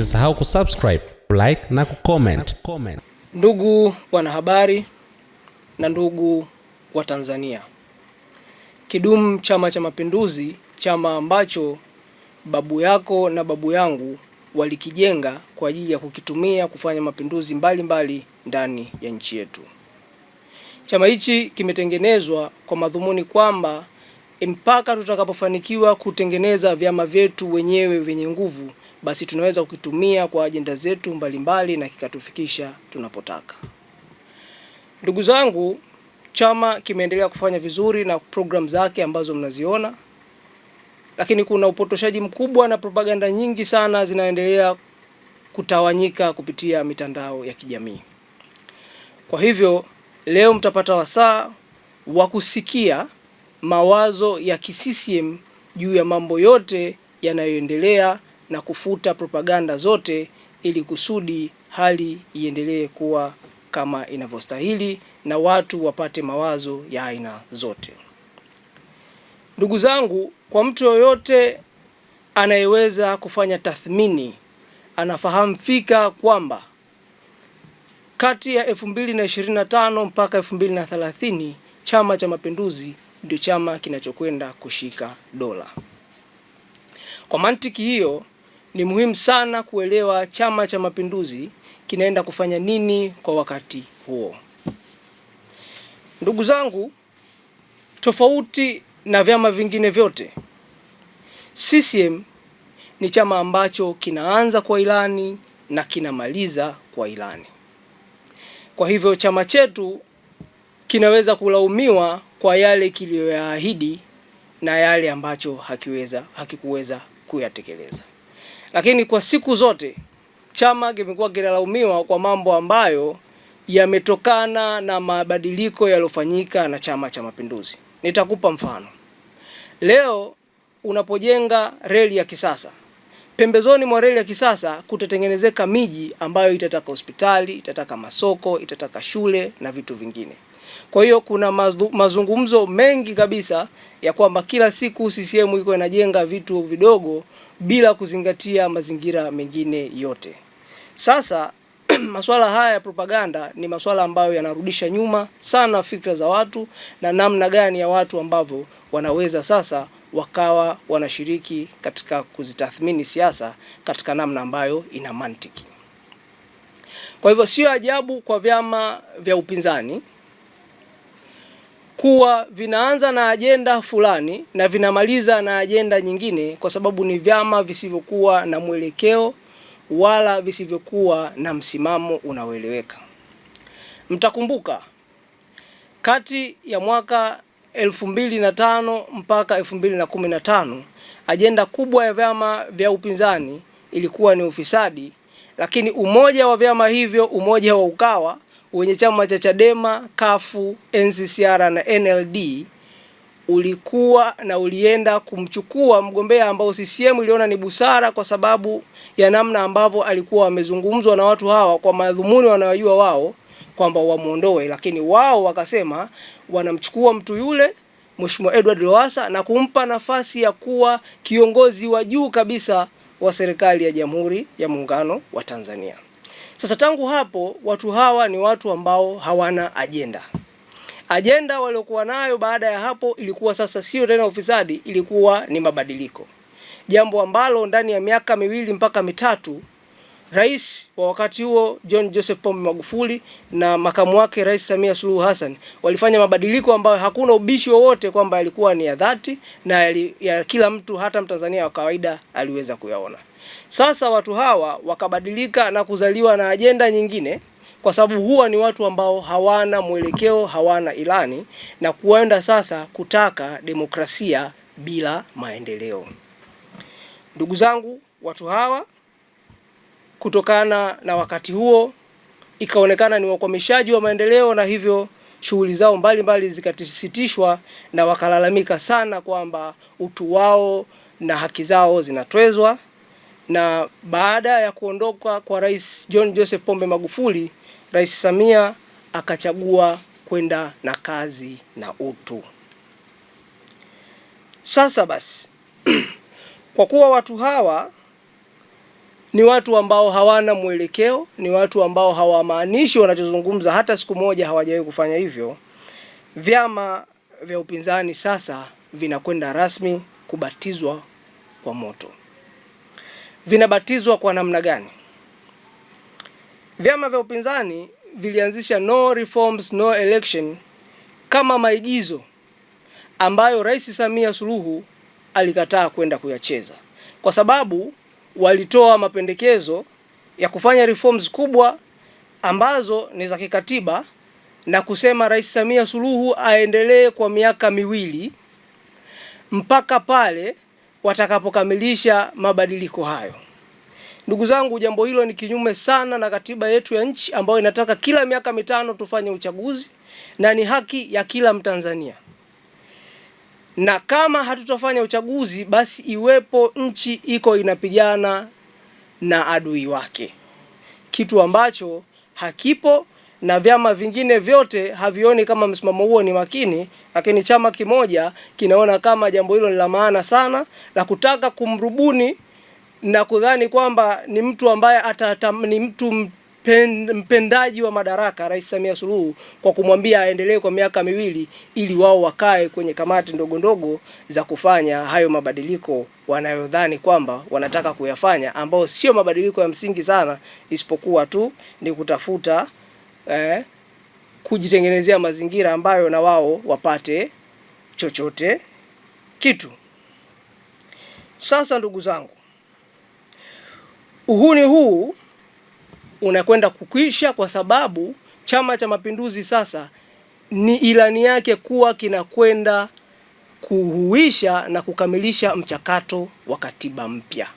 Usisahau kusubscribe, like na kucomment. Ndugu wanahabari na ndugu wa Tanzania, kidumu Chama cha Mapinduzi, chama ambacho babu yako na babu yangu walikijenga kwa ajili ya kukitumia kufanya mapinduzi mbalimbali mbali ndani ya nchi yetu. Chama hichi kimetengenezwa kwa madhumuni kwamba mpaka tutakapofanikiwa kutengeneza vyama vyetu wenyewe vyenye nguvu, basi tunaweza kukitumia kwa ajenda zetu mbalimbali na kikatufikisha tunapotaka. Ndugu zangu, chama kimeendelea kufanya vizuri na programu zake ambazo mnaziona, lakini kuna upotoshaji mkubwa na propaganda nyingi sana zinaendelea kutawanyika kupitia mitandao ya kijamii. Kwa hivyo leo mtapata wasaa wa kusikia mawazo ya kisisiem juu ya mambo yote yanayoendelea na kufuta propaganda zote ili kusudi hali iendelee kuwa kama inavyostahili na watu wapate mawazo ya aina zote. Ndugu zangu, kwa mtu yoyote anayeweza kufanya tathmini anafahamu fika kwamba kati ya 2025 mpaka 2030 Chama cha Mapinduzi ndio chama kinachokwenda kushika dola. Kwa mantiki hiyo, ni muhimu sana kuelewa Chama cha Mapinduzi kinaenda kufanya nini kwa wakati huo. Ndugu zangu, tofauti na vyama vingine vyote, CCM ni chama ambacho kinaanza kwa ilani na kinamaliza kwa ilani. Kwa hivyo chama chetu kinaweza kulaumiwa kwa yale kiliyoyaahidi na yale ambacho hakiweza hakikuweza kuyatekeleza. Lakini kwa siku zote chama kimekuwa kinalaumiwa kwa mambo ambayo yametokana na mabadiliko yaliyofanyika na Chama cha Mapinduzi. Nitakupa mfano. Leo unapojenga reli ya kisasa, pembezoni mwa reli ya kisasa kutatengenezeka miji ambayo itataka hospitali, itataka masoko, itataka shule na vitu vingine. Kwa hiyo kuna mazungumzo mengi kabisa ya kwamba kila siku CCM iko inajenga vitu vidogo bila kuzingatia mazingira mengine yote. Sasa masuala haya ya propaganda ni masuala ambayo yanarudisha nyuma sana fikra za watu na namna gani ya watu ambavyo wanaweza sasa wakawa wanashiriki katika kuzitathmini siasa katika namna ambayo ina mantiki. Kwa hivyo sio ajabu kwa vyama vya upinzani kuwa vinaanza na ajenda fulani na vinamaliza na ajenda nyingine, kwa sababu ni vyama visivyokuwa na mwelekeo wala visivyokuwa na msimamo unaoeleweka. Mtakumbuka kati ya mwaka 2005 mpaka 2015 ajenda kubwa ya vyama vya upinzani ilikuwa ni ufisadi, lakini umoja wa vyama hivyo, umoja wa Ukawa wenye chama cha Chadema, Kafu, NCCR na NLD ulikuwa na ulienda kumchukua mgombea ambao CCM iliona ni busara kwa sababu ya namna ambavyo alikuwa amezungumzwa na watu hawa kwa madhumuni wanayojua wao kwamba wamuondoe, lakini wao wakasema wanamchukua mtu yule Mheshimiwa Edward Lowassa na kumpa nafasi ya kuwa kiongozi wa juu kabisa wa serikali ya Jamhuri ya Muungano wa Tanzania. Sasa tangu hapo watu hawa ni watu ambao hawana ajenda. Ajenda waliokuwa nayo baada ya hapo ilikuwa sasa sio tena ufisadi, ilikuwa ni mabadiliko, jambo ambalo ndani ya miaka miwili mpaka mitatu rais wa wakati huo John Joseph Pombe Magufuli na makamu wake Rais Samia Suluhu Hassan walifanya mabadiliko ambayo hakuna ubishi wowote kwamba yalikuwa ni ya dhati na ya kila mtu, hata Mtanzania wa kawaida aliweza kuyaona. Sasa watu hawa wakabadilika na kuzaliwa na ajenda nyingine, kwa sababu huwa ni watu ambao hawana mwelekeo, hawana ilani, na kuenda sasa kutaka demokrasia bila maendeleo. Ndugu zangu, watu hawa kutokana na wakati huo ikaonekana ni wakwamishaji wa maendeleo, na hivyo shughuli zao mbalimbali zikasitishwa, na wakalalamika sana kwamba utu wao na haki zao zinatwezwa na baada ya kuondoka kwa Rais John Joseph Pombe Magufuli, Rais Samia akachagua kwenda na kazi na utu. Sasa basi kwa kuwa watu hawa ni watu ambao hawana mwelekeo, ni watu ambao hawamaanishi wanachozungumza, hata siku moja hawajawahi kufanya hivyo. Vyama vya upinzani sasa vinakwenda rasmi kubatizwa kwa moto vinabatizwa kwa namna gani? Vyama vya upinzani vilianzisha no reforms no election kama maigizo ambayo Rais Samia Suluhu alikataa kwenda kuyacheza, kwa sababu walitoa mapendekezo ya kufanya reforms kubwa ambazo ni za kikatiba na kusema Rais Samia Suluhu aendelee kwa miaka miwili mpaka pale watakapokamilisha mabadiliko hayo. Ndugu zangu, jambo hilo ni kinyume sana na katiba yetu ya nchi ambayo inataka kila miaka mitano tufanye uchaguzi na ni haki ya kila Mtanzania. Na kama hatutafanya uchaguzi, basi iwepo nchi iko inapigana na adui wake, kitu ambacho hakipo na vyama vingine vyote havioni kama msimamo huo ni makini, lakini chama kimoja kinaona kama jambo hilo ni la maana sana, la kutaka kumrubuni na kudhani kwamba ni mtu ambaye atata, ni mtu mpendaji wa madaraka Rais Samia Suluhu, kwa kumwambia aendelee kwa miaka miwili ili wao wakae kwenye kamati ndogo ndogo za kufanya hayo mabadiliko wanayodhani kwamba wanataka kuyafanya, ambao sio mabadiliko ya msingi sana, isipokuwa tu ni kutafuta eh, kujitengenezea mazingira ambayo na wao wapate chochote kitu. Sasa ndugu zangu, uhuni huu unakwenda kukwisha kwa sababu Chama cha Mapinduzi sasa ni ilani yake kuwa kinakwenda kuhuisha na kukamilisha mchakato wa katiba mpya.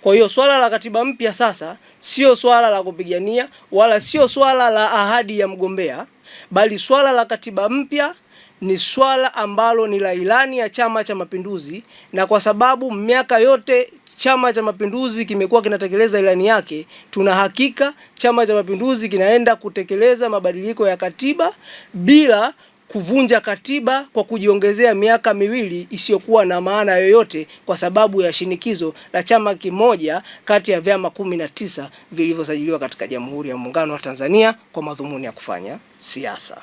Kwa hiyo swala la katiba mpya sasa sio swala la kupigania wala sio swala la ahadi ya mgombea, bali swala la katiba mpya ni swala ambalo ni la ilani ya Chama cha Mapinduzi, na kwa sababu miaka yote Chama cha Mapinduzi kimekuwa kinatekeleza ilani yake, tuna hakika Chama cha Mapinduzi kinaenda kutekeleza mabadiliko ya katiba bila kuvunja katiba kwa kujiongezea miaka miwili isiyokuwa na maana yoyote kwa sababu ya shinikizo la chama kimoja kati ya vyama kumi na tisa vilivyosajiliwa katika Jamhuri ya Muungano wa Tanzania kwa madhumuni ya kufanya siasa.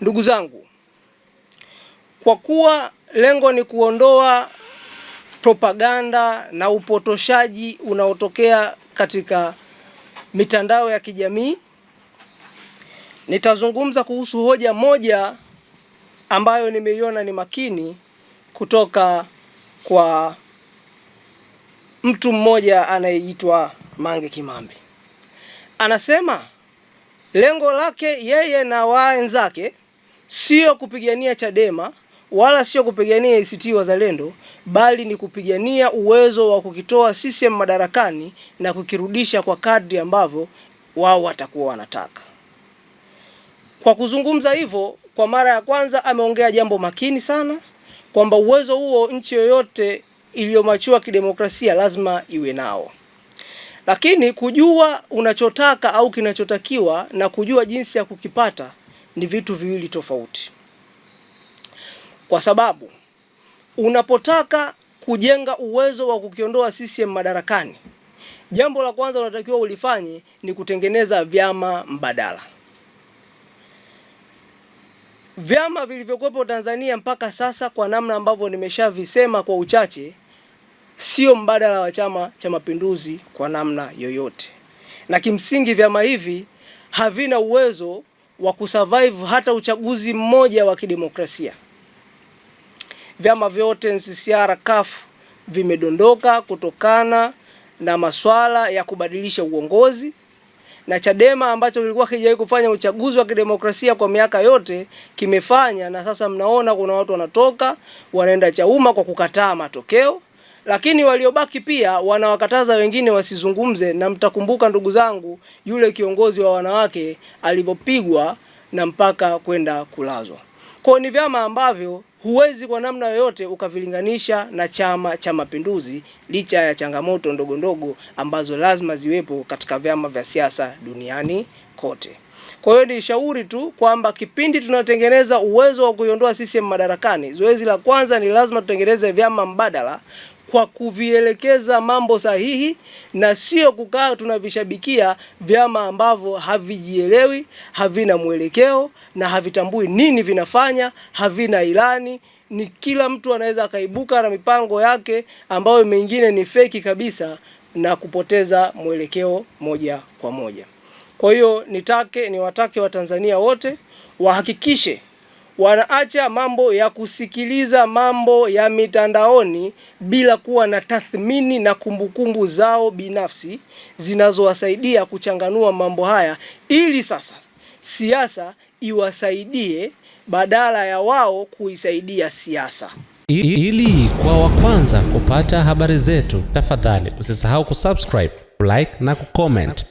Ndugu zangu, kwa kuwa lengo ni kuondoa propaganda na upotoshaji unaotokea katika mitandao ya kijamii Nitazungumza kuhusu hoja moja ambayo nimeiona ni makini kutoka kwa mtu mmoja anayeitwa Mange Kimambi. Anasema lengo lake yeye na wenzake sio kupigania Chadema wala sio kupigania ACT Wazalendo, bali ni kupigania uwezo wa kukitoa CCM madarakani na kukirudisha kwa kadri ambavyo wao watakuwa wanataka. Kwa kuzungumza hivyo, kwa mara ya kwanza ameongea jambo makini sana kwamba uwezo huo nchi yoyote iliyomachua kidemokrasia lazima iwe nao, lakini kujua unachotaka au kinachotakiwa na kujua jinsi ya kukipata ni vitu viwili tofauti, kwa sababu unapotaka kujenga uwezo wa kukiondoa CCM madarakani, jambo la kwanza unatakiwa ulifanye ni kutengeneza vyama mbadala. Vyama vilivyokuwepo Tanzania mpaka sasa, kwa namna ambavyo nimeshavisema kwa uchache, sio mbadala wa Chama cha Mapinduzi kwa namna yoyote, na kimsingi vyama hivi havina uwezo wa kusurvive hata uchaguzi mmoja wa kidemokrasia. Vyama vyote NCCR, CUF vimedondoka kutokana na masuala ya kubadilisha uongozi na Chadema ambacho kilikuwa kijawahi kufanya uchaguzi wa kidemokrasia kwa miaka yote kimefanya, na sasa mnaona kuna watu wanatoka wanaenda Chauma kwa kukataa matokeo, lakini waliobaki pia wanawakataza wengine wasizungumze. Na mtakumbuka ndugu zangu, yule kiongozi wa wanawake alivyopigwa na mpaka kwenda kulazwa. Kwa ni vyama ambavyo huwezi kwa namna yoyote ukavilinganisha na Chama cha Mapinduzi, licha ya changamoto ndogo ndogo ambazo lazima ziwepo katika vyama vya siasa duniani kote. Kwa hiyo ni shauri tu kwamba kipindi tunatengeneza uwezo wa kuiondoa CCM madarakani, zoezi la kwanza ni lazima tutengeneze vyama mbadala kwa kuvielekeza mambo sahihi na sio kukaa tunavishabikia vyama ambavyo havijielewi, havina mwelekeo na havitambui nini vinafanya, havina ilani. Ni kila mtu anaweza akaibuka na mipango yake ambayo mengine ni feki kabisa na kupoteza mwelekeo moja kwa moja. Kwa hiyo nitake niwatake Watanzania wote wahakikishe wanaacha mambo ya kusikiliza mambo ya mitandaoni bila kuwa na tathmini na kumbukumbu zao binafsi zinazowasaidia kuchanganua mambo haya, ili sasa siasa iwasaidie badala ya wao kuisaidia siasa. Ili kwa wa kwanza kupata habari zetu, tafadhali usisahau kusubscribe, like na kucomment.